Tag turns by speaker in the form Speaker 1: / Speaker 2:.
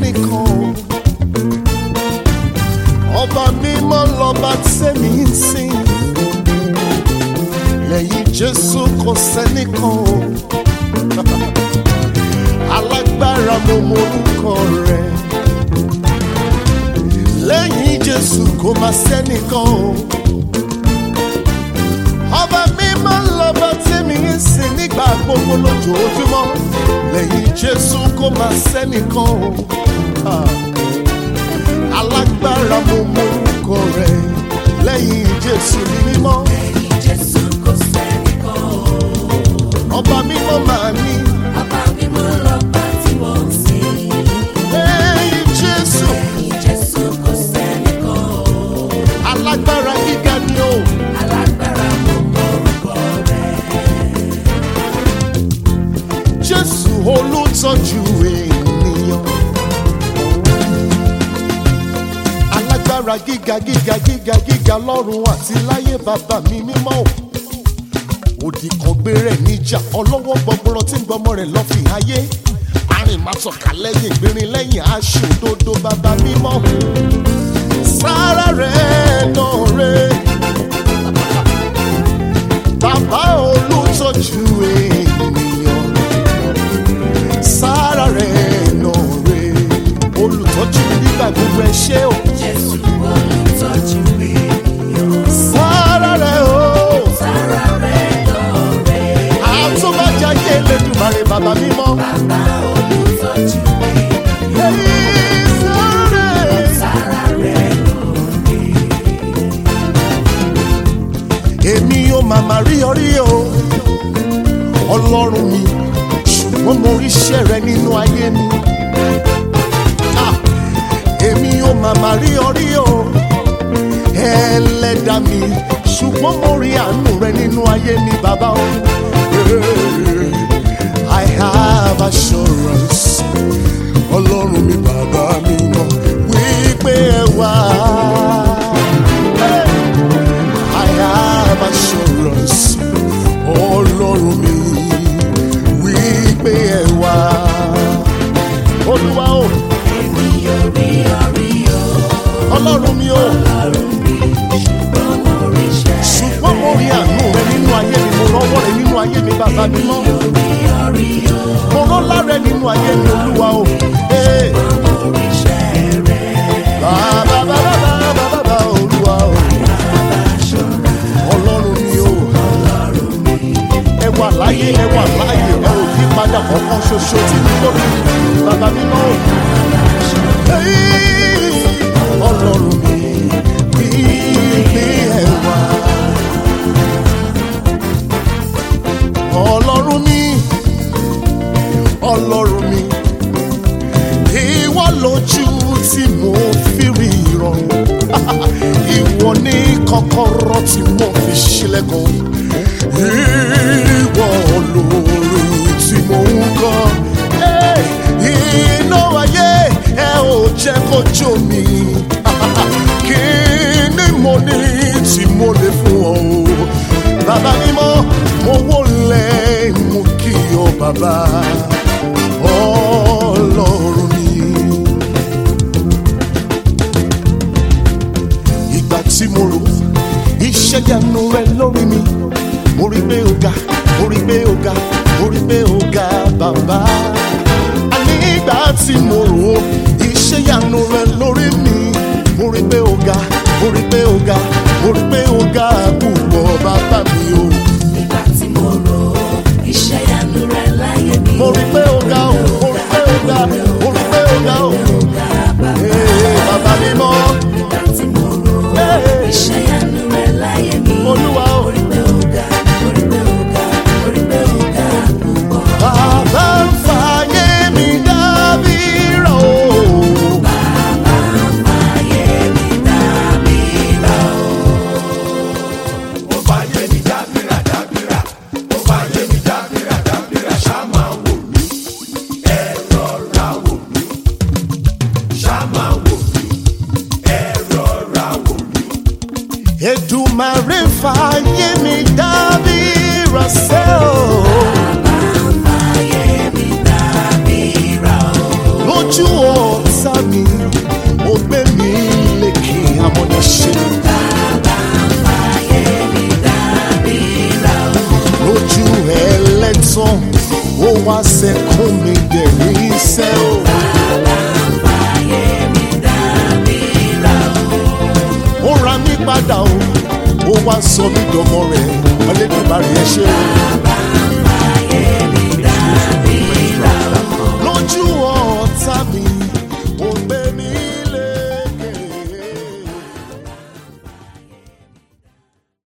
Speaker 1: nìkan ọba mímọ́ lọ́ba tẹ̀mí ń sìn jésù kò sẹ́nìkan alágbára mo mọ orúkọ rẹ̀ lẹ́yìn jésù kò má sẹ́nìkan ọba mímọ́ lọ́ba tẹ̀mí ń nígbà gbogbo lójoojúmọ́ lẹ́yìn jésù kò máa sẹ́nìkan o ah. alágbára mo mọ orúkọ rẹ̀ lẹ́yìn jésù ní mímọ́. sójú ènìyàn. alágbára gíga gíga gíga gíga lọ́run àti láyé bàbá mi mímọ́ o. òdì kan gbére níjà ọlọ́wọ́ gbọgbọrọ tí ń gbọmọ rẹ̀ lọ́ fi ayé. arìnmásọ̀kà lẹ́yìn gbérin lẹ́yìn aṣòdodo bàbá mímọ́. sáà. ṣe o. Jésù olùtọ́jú mi yóò sí. Sára o. Àtúbọ̀jà yé lẹ́dùnmáre bàbá Bàbá mi yóò màmá rí orí o. Ọlọ́run mi, ṣùgbọ́n mo ríṣẹ́ rẹ nínú ayé mi màmá rí orí o ẹlẹ́dà mi ṣùgbọ́n mo rí àánú rẹ nínú ayé mi bàbá o. I have assurance ọlọ́run mi bá. orí àánú rẹ nínú ayé mi mo rọ́wọ́ rẹ nínú ayé mi bàbá mi mọ́ mo rọ́ lára nínú ayé mi olúwa o. Hey. ọlọ́run mi ìwọ lójú tí mo fi rí ìrọ̀rùn ìwọ ní kọ́kọ́rọ́ tí mo fi ṣílẹ̀kùn ìwọ olórin tí mo ń kọ́ iná ayé ẹ ò jẹ́ kó jó mi kí ni mo ní tí mo lè fún ọ o bàbá mímọ́ mo wólẹ̀ mo kí ọ bàbá. golpeou fàyè mi dàbí ìránṣẹ́ o. bàbá fàyè mi dàbí ìrà o. lójú ọ̀tá mi ó gbé mi lékè àmọ́ ní ṣe. Maria,